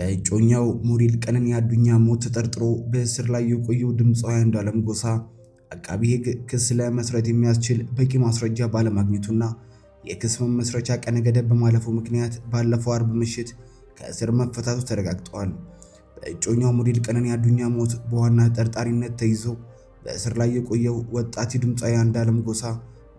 በእጮኛው ሞዴል ቀነኒ አዱኛ ሞት ተጠርጥሮ በእስር ላይ የቆየው ድምፃዊ አንዱዓለም ጎሳ አቃቢ ሕግ ክስ ለመስረት የሚያስችል በቂ ማስረጃ ባለማግኘቱና የክስ መመስረቻ ቀነ ገደብ በማለፉ ምክንያት ባለፈው አርብ ምሽት ከእስር መፈታቱ ተረጋግጠዋል። በእጮኛው ሞዴል ቀነኒ አዱኛ ሞት በዋና ተጠርጣሪነት ተይዞ በእስር ላይ የቆየው ወጣት ድምፃዊ አንዱዓለም ጎሳ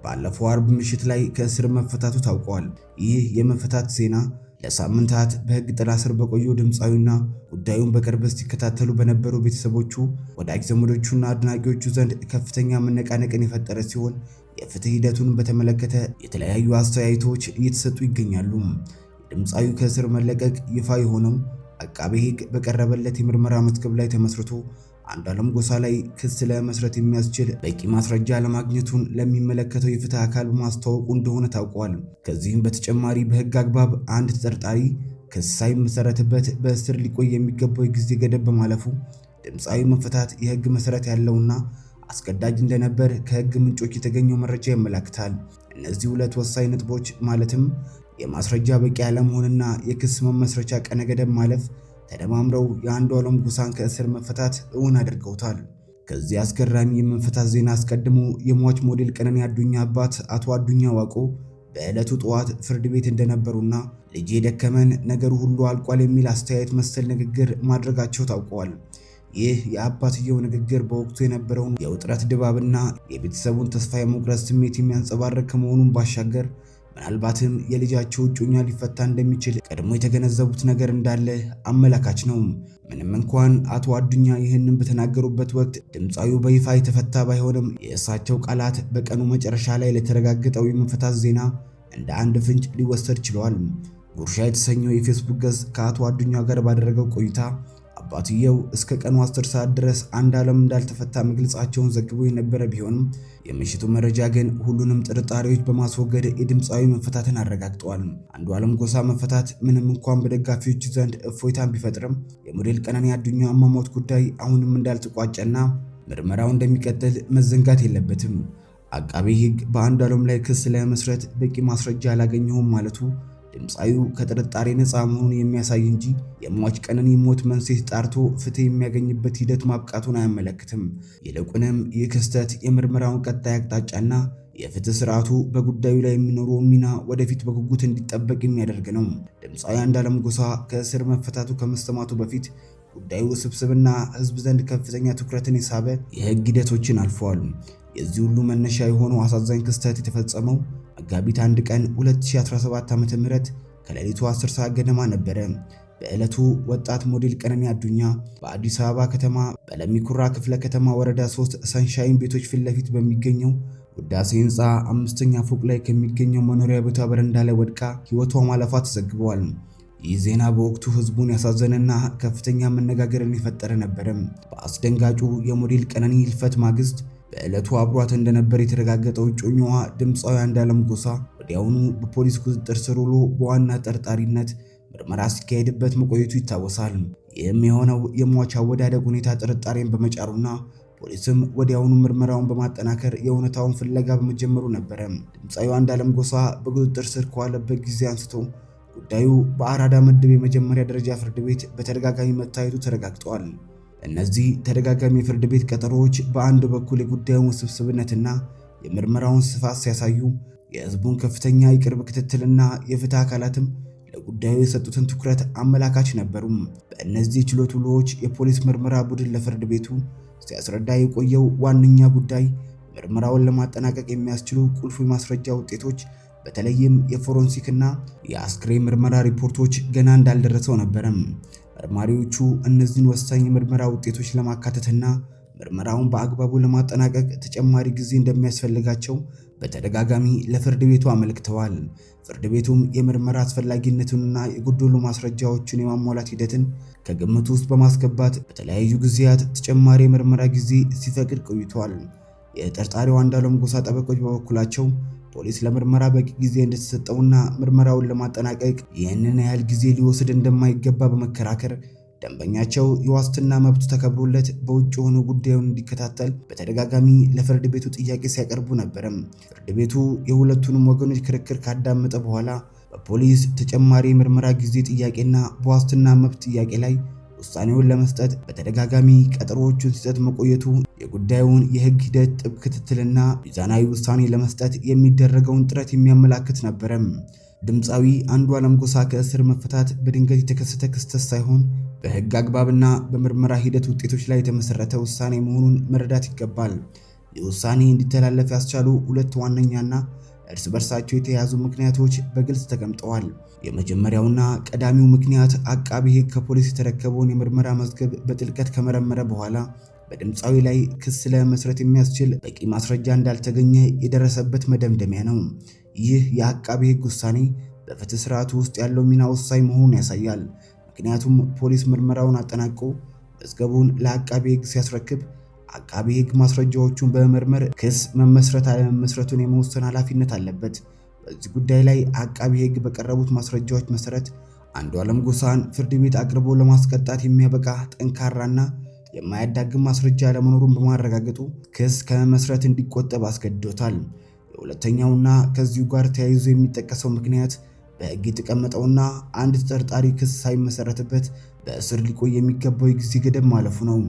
ባለፈው አርብ ምሽት ላይ ከእስር መፈታቱ ታውቋል። ይህ የመፈታት ዜና ለሳምንታት በህግ ጥላ ስር በቆየው ድምፃዊና ጉዳዩን በቅርብ ሲከታተሉ በነበሩ ቤተሰቦቹ፣ ወዳጅ ዘመዶቹና አድናቂዎቹ ዘንድ ከፍተኛ መነቃነቅን የፈጠረ ሲሆን የፍትህ ሂደቱን በተመለከተ የተለያዩ አስተያየቶች እየተሰጡ ይገኛሉ። የድምፃዊው ከእስር መለቀቅ ይፋ የሆነው አቃቤ ህግ በቀረበለት የምርመራ መዝገብ ላይ ተመስርቶ አለም ጎሳ ላይ ክስ ለመስረት የሚያስችል በቂ ማስረጃ ለማግኘቱን ለሚመለከተው የፍትህ አካል በማስተዋወቁ እንደሆነ ታውቋል። ከዚህም በተጨማሪ በህግ አግባብ አንድ ተጠርጣሪ ክስ ሳይመሰረትበት በእስር ሊቆይ የሚገባው የጊዜ ገደብ በማለፉ ድምፃዊ መፈታት የህግ መሰረት ያለውና አስገዳጅ እንደነበር ከህግ ምንጮች የተገኘው መረጃ ያመላክታል። እነዚህ ሁለት ወሳኝ ነጥቦች ማለትም የማስረጃ በቂ አለመሆንና የክስ መመስረቻ ቀነ ገደብ ማለፍ ተደማምረው የአንዱ ዓለም ጎሳን ከእስር መፈታት እውን አድርገውታል። ከዚህ አስገራሚ የመፈታት ዜና አስቀድሞ የሟች ሞዴል ቀነኒ አዱኛ አባት አቶ አዱኛ ዋቆ በዕለቱ ጠዋት ፍርድ ቤት እንደነበሩና ልጅ የደከመን ነገሩ ሁሉ አልቋል የሚል አስተያየት መሰል ንግግር ማድረጋቸው ታውቋል። ይህ የአባትየው ንግግር በወቅቱ የነበረውን የውጥረት ድባብና የቤተሰቡን ተስፋ የመቁረጥ ስሜት የሚያንጸባርቅ ከመሆኑን ባሻገር ምናልባትም የልጃቸው እጮኛ ሊፈታ እንደሚችል ቀድሞ የተገነዘቡት ነገር እንዳለ አመላካች ነው። ምንም እንኳን አቶ አዱኛ ይህንን በተናገሩበት ወቅት ድምፃዊው በይፋ የተፈታ ባይሆንም የእሳቸው ቃላት በቀኑ መጨረሻ ላይ ለተረጋገጠው የመፈታት ዜና እንደ አንድ ፍንጭ ሊወሰድ ችለዋል። ጉርሻ የተሰኘው የፌስቡክ ገጽ ከአቶ አዱኛ ጋር ባደረገው ቆይታ አባትየው እስከ ቀኑ 10 ሰዓት ድረስ አንድ ዓለም እንዳልተፈታ መግለጻቸውን ዘግቦ የነበረ ቢሆንም የምሽቱ መረጃ ግን ሁሉንም ጥርጣሬዎች በማስወገድ የድምፃዊ መፈታትን አረጋግጠዋል። አንዱ ዓለም ጎሳ መፈታት ምንም እንኳን በደጋፊዎች ዘንድ እፎይታን ቢፈጥርም የሞዴል ቀነኒ አዱኛ አሟሟት ጉዳይ አሁንም እንዳልተቋጨና ምርመራው እንደሚቀጥል መዘንጋት የለበትም። አቃቤ ሕግ በአንዱ ዓለም ላይ ክስ ለመስረት በቂ ማስረጃ አላገኘሁም ማለቱ ድምፃዊው ከጥርጣሬ ነፃ መሆኑን የሚያሳይ እንጂ የሟች ቀንን የሞት መንስኤ ጣርቶ ፍትህ የሚያገኝበት ሂደት ማብቃቱን አያመለክትም። ይልቁንም ይህ ክስተት የምርመራውን ቀጣይ አቅጣጫና የፍትህ ስርዓቱ በጉዳዩ ላይ የሚኖረው ሚና ወደፊት በጉጉት እንዲጠበቅ የሚያደርግ ነው። ድምፃዊ አንዱዓለም ጎሳ ከእስር መፈታቱ ከመሰማቱ በፊት ጉዳዩ ውስብስብና ሕዝብ ዘንድ ከፍተኛ ትኩረትን የሳበ የህግ ሂደቶችን አልፈዋል። የዚህ ሁሉ መነሻ የሆነው አሳዛኝ ክስተት የተፈጸመው መጋቢት አንድ ቀን 2017 ዓ.ም ከሌሊቱ 10 ሰዓት ገደማ ነበረ። በዕለቱ ወጣት ሞዴል ቀነኒ አዱኛ በአዲስ አበባ ከተማ በለሚኩራ ክፍለ ከተማ ወረዳ 3 ሰንሻይን ቤቶች ፊት ለፊት በሚገኘው ውዳሴ ህንፃ አምስተኛ ፎቅ ላይ ከሚገኘው መኖሪያ ቤቷ በረንዳ ላይ ወድቃ ህይወቷ ማለፏ ተዘግበዋል። ይህ ዜና በወቅቱ ህዝቡን ያሳዘነና ከፍተኛ መነጋገርን የፈጠረ ነበረ። በአስደንጋጩ የሞዴል ቀነኒ ህልፈት ማግስት በዕለቱ አብሯት እንደነበር የተረጋገጠው እጮኛዋ ድምፃዊ አንዱዓለም ጎሳ ወዲያውኑ በፖሊስ ቁጥጥር ስር ውሎ በዋና ጠርጣሪነት ምርመራ ሲካሄድበት መቆየቱ ይታወሳል። ይህም የሆነው የሟች አወዳደቅ ሁኔታ ጥርጣሬን በመጫሩና ፖሊስም ወዲያውኑ ምርመራውን በማጠናከር የእውነታውን ፍለጋ በመጀመሩ ነበረ። ድምፃዊ አንዱዓለም ጎሳ በቁጥጥር ስር ከዋለበት ጊዜ አንስቶ ጉዳዩ በአራዳ ምድብ የመጀመሪያ ደረጃ ፍርድ ቤት በተደጋጋሚ መታየቱ ተረጋግጧል። እነዚህ ተደጋጋሚ የፍርድ ቤት ቀጠሮዎች በአንድ በኩል የጉዳዩን ውስብስብነትና የምርመራውን ስፋት ሲያሳዩ፣ የህዝቡን ከፍተኛ የቅርብ ክትትልና የፍትህ አካላትም ለጉዳዩ የሰጡትን ትኩረት አመላካች ነበሩም። በእነዚህ ችሎት ውሎዎች የፖሊስ ምርመራ ቡድን ለፍርድ ቤቱ ሲያስረዳ የቆየው ዋነኛ ጉዳይ ምርመራውን ለማጠናቀቅ የሚያስችሉ ቁልፍ የማስረጃ ውጤቶች በተለይም የፎረንሲክ እና የአስክሬን ምርመራ ሪፖርቶች ገና እንዳልደረሰው ነበረም። መርማሪዎቹ እነዚህን ወሳኝ የምርመራ ውጤቶች ለማካተትና ምርመራውን በአግባቡ ለማጠናቀቅ ተጨማሪ ጊዜ እንደሚያስፈልጋቸው በተደጋጋሚ ለፍርድ ቤቱ አመልክተዋል። ፍርድ ቤቱም የምርመራ አስፈላጊነቱንና የጎደሉ ማስረጃዎችን የማሟላት ሂደትን ከግምት ውስጥ በማስገባት በተለያዩ ጊዜያት ተጨማሪ የምርመራ ጊዜ ሲፈቅድ ቆይቷል። የጠርጣሪው አንዳለም ጎሳ ጠበቆች በበኩላቸው ፖሊስ ለምርመራ በቂ ጊዜ እንደተሰጠውና ምርመራውን ለማጠናቀቅ ይህንን ያህል ጊዜ ሊወስድ እንደማይገባ በመከራከር ደንበኛቸው የዋስትና መብቱ ተከብሮለት በውጭ ሆኖ ጉዳዩን እንዲከታተል በተደጋጋሚ ለፍርድ ቤቱ ጥያቄ ሲያቀርቡ ነበርም። ፍርድ ቤቱ የሁለቱንም ወገኖች ክርክር ካዳመጠ በኋላ በፖሊስ ተጨማሪ የምርመራ ጊዜ ጥያቄና በዋስትና መብት ጥያቄ ላይ ውሳኔውን ለመስጠት በተደጋጋሚ ቀጠሮዎቹን ሲሰጥ መቆየቱ የጉዳዩን የህግ ሂደት ጥብቅ ክትትልና ሚዛናዊ ውሳኔ ለመስጠት የሚደረገውን ጥረት የሚያመላክት ነበረም። ድምፃዊ አንዱዓለም ጎሳ ከእስር መፈታት በድንገት የተከሰተ ክስተት ሳይሆን በህግ አግባብና በምርመራ ሂደት ውጤቶች ላይ የተመሰረተ ውሳኔ መሆኑን መረዳት ይገባል። የውሳኔ እንዲተላለፍ ያስቻሉ ሁለት ዋነኛና እርስ በርሳቸው የተያያዙ ምክንያቶች በግልጽ ተቀምጠዋል። የመጀመሪያውና ቀዳሚው ምክንያት አቃቢ ሕግ ከፖሊስ የተረከበውን የምርመራ መዝገብ በጥልቀት ከመረመረ በኋላ በድምፃዊ ላይ ክስ ለመስረት የሚያስችል በቂ ማስረጃ እንዳልተገኘ የደረሰበት መደምደሚያ ነው። ይህ የአቃቢ ሕግ ውሳኔ በፍትህ ስርዓቱ ውስጥ ያለው ሚና ወሳኝ መሆኑን ያሳያል። ምክንያቱም ፖሊስ ምርመራውን አጠናቆ መዝገቡን ለአቃቢ ሕግ ሲያስረክብ አቃቢ ህግ ማስረጃዎቹን በመመርመር ክስ መመስረት አለመመስረቱን የመወሰን ኃላፊነት አለበት። በዚህ ጉዳይ ላይ አቃቢ ህግ በቀረቡት ማስረጃዎች መሰረት አንዱዓለም ጎሳን ፍርድ ቤት አቅርቦ ለማስቀጣት የሚያበቃ ጠንካራና የማያዳግም ማስረጃ አለመኖሩን በማረጋገጡ ክስ ከመመስረት እንዲቆጠብ አስገድዶታል። የሁለተኛውና ከዚሁ ጋር ተያይዞ የሚጠቀሰው ምክንያት በህግ የተቀመጠውና አንድ ተጠርጣሪ ክስ ሳይመሰረትበት በእስር ሊቆይ የሚገባው የጊዜ ገደብ ማለፉ ነው።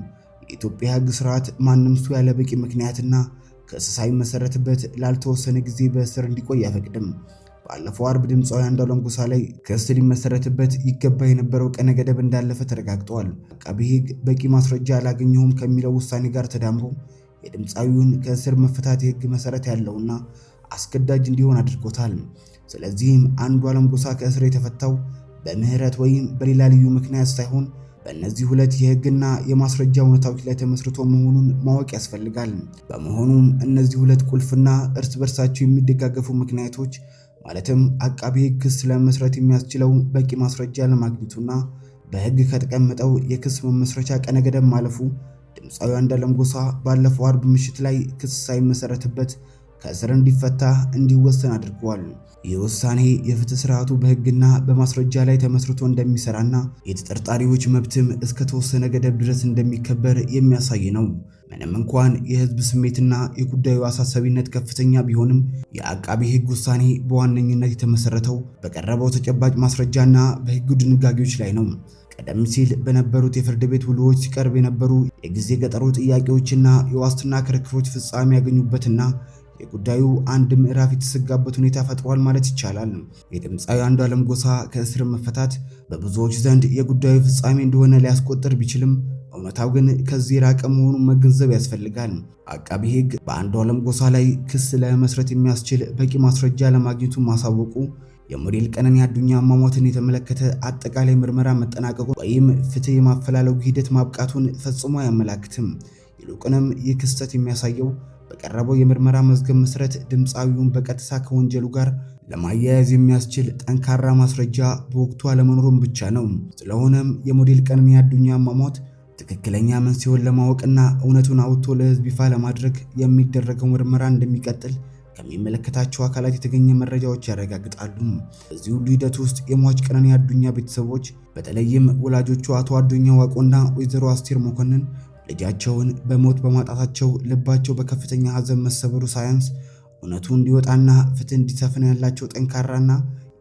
የኢትዮጵያ ሕግ ስርዓት ማንም ሰው ያለ በቂ ምክንያትና ክስ ሳይመሰረትበት ላልተወሰነ ጊዜ በእስር እንዲቆይ አይፈቅድም። ባለፈው አርብ ድምፃዊ አንዷለም ጎሳ ላይ ክስ ሊመሰረትበት ይገባ የነበረው ቀነ ገደብ እንዳለፈ ተረጋግጠዋል። አቃቤ ሕግ በቂ ማስረጃ አላገኘሁም ከሚለው ውሳኔ ጋር ተዳምሮ የድምፃዊውን ከእስር መፈታት የሕግ መሰረት ያለውና አስገዳጅ እንዲሆን አድርጎታል። ስለዚህም አንዷለም ጎሳ ከእስር የተፈታው በምህረት ወይም በሌላ ልዩ ምክንያት ሳይሆን በእነዚህ ሁለት የህግና የማስረጃ እውነታዎች ላይ ተመስርቶ መሆኑን ማወቅ ያስፈልጋል። በመሆኑም እነዚህ ሁለት ቁልፍና እርስ በርሳቸው የሚደጋገፉ ምክንያቶች ማለትም አቃቢ ህግ ክስ ለመስረት የሚያስችለው በቂ ማስረጃ ለማግኘቱና በህግ ከተቀመጠው የክስ መመስረቻ ቀነ ገደብ ማለፉ ድምፃዊ አንዷለም ጎሳ ባለፈው አርብ ምሽት ላይ ክስ ሳይመሰረትበት ከእስር እንዲፈታ እንዲወሰን አድርጓል። ይህ ውሳኔ የፍትህ ስርዓቱ በህግና በማስረጃ ላይ ተመስርቶ እንደሚሰራና የተጠርጣሪዎች መብትም እስከ ተወሰነ ገደብ ድረስ እንደሚከበር የሚያሳይ ነው። ምንም እንኳን የህዝብ ስሜትና የጉዳዩ አሳሳቢነት ከፍተኛ ቢሆንም የአቃቢ ህግ ውሳኔ በዋነኝነት የተመሰረተው በቀረበው ተጨባጭ ማስረጃና በህግ ድንጋጌዎች ላይ ነው። ቀደም ሲል በነበሩት የፍርድ ቤት ውሎዎች ሲቀርብ የነበሩ የጊዜ ገጠሩ ጥያቄዎችና የዋስትና ክርክሮች ፍጻሜ ያገኙበትና የጉዳዩ አንድ ምዕራፍ የተሰጋበት ሁኔታ ፈጥሯል ማለት ይቻላል። የድምፃዊ አንዱዓለም ጎሳ ከእስር መፈታት በብዙዎች ዘንድ የጉዳዩ ፍጻሜ እንደሆነ ሊያስቆጥር ቢችልም እውነታው ግን ከዚህ የራቀ መሆኑን መገንዘብ ያስፈልጋል። አቃቢ ሕግ በአንዱዓለም ጎሳ ላይ ክስ ለመስረት የሚያስችል በቂ ማስረጃ ለማግኘቱ ማሳወቁ የሞዴል ቀነኒ አዱኛ አሟሟትን የተመለከተ አጠቃላይ ምርመራ መጠናቀቁ ወይም ፍትህ የማፈላለጉ ሂደት ማብቃቱን ፈጽሞ አያመላክትም። ይልቁንም ይህ ክስተት የሚያሳየው በቀረበው የምርመራ መዝገብ መሰረት ድምፃዊውን በቀጥታ ከወንጀሉ ጋር ለማያያዝ የሚያስችል ጠንካራ ማስረጃ በወቅቱ አለመኖሩን ብቻ ነው። ስለሆነም የሞዴል ቀነኒ አዱኛ አሟሟት ትክክለኛ መንስኤውን ለማወቅና እውነቱን አውጥቶ ለሕዝብ ይፋ ለማድረግ የሚደረገው ምርመራ እንደሚቀጥል ከሚመለከታቸው አካላት የተገኘ መረጃዎች ያረጋግጣሉ። በዚህ ሁሉ ሂደት ውስጥ የሟች ቀነኒ አዱኛ ቤተሰቦች በተለይም ወላጆቹ አቶ አዱኛ ዋቆና ወይዘሮ አስቴር መኮንን ልጃቸውን በሞት በማጣታቸው ልባቸው በከፍተኛ ሐዘን መሰበሩ ሳያንስ እውነቱ እንዲወጣና ፍትህ እንዲሰፍን ያላቸው ጠንካራና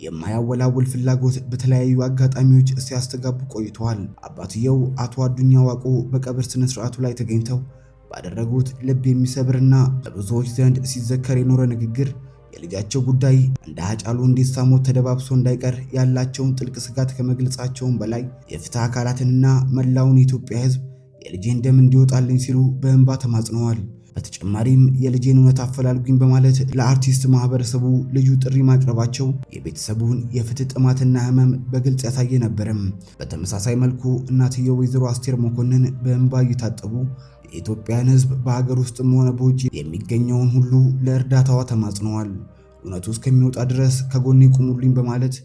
የማያወላውል ፍላጎት በተለያዩ አጋጣሚዎች ሲያስተጋቡ ቆይተዋል። አባትየው አቶ አዱኛ ዋቆ በቀብር ስነ ስርዓቱ ላይ ተገኝተው ባደረጉት ልብ የሚሰብርና በብዙዎች ዘንድ ሲዘከር የኖረ ንግግር የልጃቸው ጉዳይ እንደ ሀጫሉ ሁንዴሳ ሞት ተደባብሶ እንዳይቀር ያላቸውን ጥልቅ ስጋት ከመግለጻቸውም በላይ የፍትህ አካላትንና መላውን የኢትዮጵያ ሕዝብ የልጄን ደም እንዲወጣልኝ ሲሉ በእንባ ተማጽነዋል። በተጨማሪም የልጄን እውነት አፈላልጉኝ በማለት ለአርቲስት ማህበረሰቡ ልዩ ጥሪ ማቅረባቸው የቤተሰቡን የፍትህ ጥማትና ህመም በግልጽ ያሳየ ነበርም። በተመሳሳይ መልኩ እናትየው ወይዘሮ አስቴር መኮንን በእንባ እየታጠቡ የኢትዮጵያን ህዝብ በሀገር ውስጥም ሆነ በውጭ የሚገኘውን ሁሉ ለእርዳታዋ ተማጽነዋል። እውነቱ እስከሚወጣ ድረስ ከጎኔ ቁሙልኝ በማለት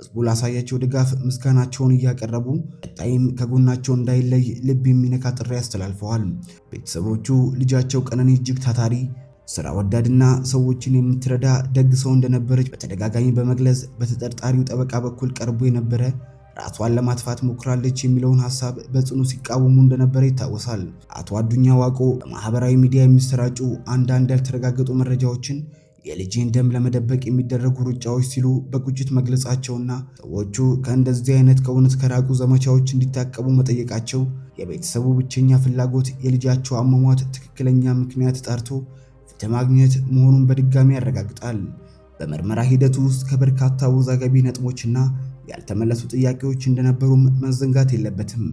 ህዝቡ ላሳያቸው ድጋፍ ምስጋናቸውን እያቀረቡ ቀጣይም ከጎናቸው እንዳይለይ ልብ የሚነካ ጥሪ አስተላልፈዋል። ቤተሰቦቹ ልጃቸው ቀነኒ እጅግ ታታሪ ስራ ወዳድና ሰዎችን የምትረዳ ደግ ሰው እንደነበረች በተደጋጋሚ በመግለጽ በተጠርጣሪው ጠበቃ በኩል ቀርቦ የነበረ ራሷን ለማጥፋት ሞክራለች የሚለውን ሀሳብ በጽኑ ሲቃወሙ እንደነበረ ይታወሳል። አቶ አዱኛ ዋቆ በማህበራዊ ሚዲያ የሚሰራጩ አንዳንድ ያልተረጋገጡ መረጃዎችን የልጅን ደም ለመደበቅ የሚደረጉ ሩጫዎች ሲሉ በቁጭት መግለጻቸውና ሰዎቹ ከእንደዚህ አይነት ከእውነት ከራቁ ዘመቻዎች እንዲታቀቡ መጠየቃቸው የቤተሰቡ ብቸኛ ፍላጎት የልጃቸው አሟሟት ትክክለኛ ምክንያት ጣርቶ ፍትህ ማግኘት መሆኑን በድጋሚ ያረጋግጣል። በምርመራ ሂደቱ ውስጥ ከበርካታ አወዛጋቢ ነጥቦችና ያልተመለሱ ጥያቄዎች እንደነበሩም መዘንጋት የለበትም።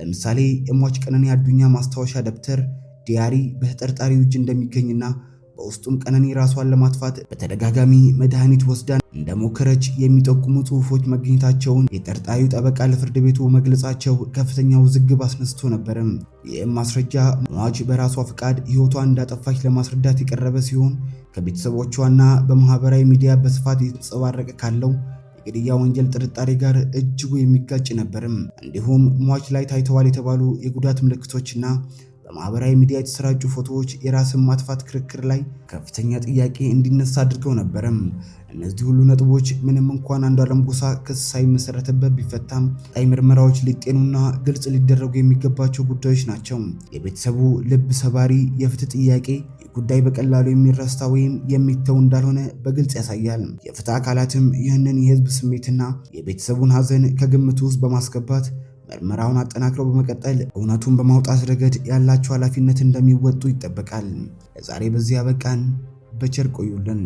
ለምሳሌ የሟች ቀነኒ አዱኛ ማስታወሻ ደብተር ዲያሪ በተጠርጣሪው እጅ እንደሚገኝና በውስጡም ቀነኒ ራሷን ለማጥፋት በተደጋጋሚ መድኃኒት ወስዳን እንደሞከረች የሚጠቁሙ ጽሁፎች መገኘታቸውን የጠርጣዩ ጠበቃ ለፍርድ ቤቱ መግለጻቸው ከፍተኛ ውዝግብ አስነስቶ ነበርም። ይህም ማስረጃ ሟች በራሷ ፍቃድ ህይወቷ እንዳጠፋች ለማስረዳት የቀረበ ሲሆን ከቤተሰቦቿና በማህበራዊ ሚዲያ በስፋት የተንጸባረቀ ካለው የግድያ ወንጀል ጥርጣሬ ጋር እጅጉ የሚጋጭ ነበርም። እንዲሁም ሟች ላይ ታይተዋል የተባሉ የጉዳት ምልክቶችና በማህበራዊ ሚዲያ የተሰራጩ ፎቶዎች የራስን ማጥፋት ክርክር ላይ ከፍተኛ ጥያቄ እንዲነሳ አድርገው ነበረም። እነዚህ ሁሉ ነጥቦች ምንም እንኳን አንዷለም ጎሳ ክስ ሳይመሰረትበት ቢፈታም ቀጣይ ምርመራዎች ሊጤኑና ግልጽ ሊደረጉ የሚገባቸው ጉዳዮች ናቸው። የቤተሰቡ ልብ ሰባሪ የፍትህ ጥያቄ ጉዳይ በቀላሉ የሚረስታ ወይም የሚተው እንዳልሆነ በግልጽ ያሳያል። የፍትህ አካላትም ይህንን የህዝብ ስሜትና የቤተሰቡን ሀዘን ከግምት ውስጥ በማስገባት ምርመራውን አጠናክረው በመቀጠል እውነቱን በማውጣት ረገድ ያላቸው ኃላፊነት እንደሚወጡ ይጠበቃል። ለዛሬ በዚህ በቃን በቸር ቆዩልን።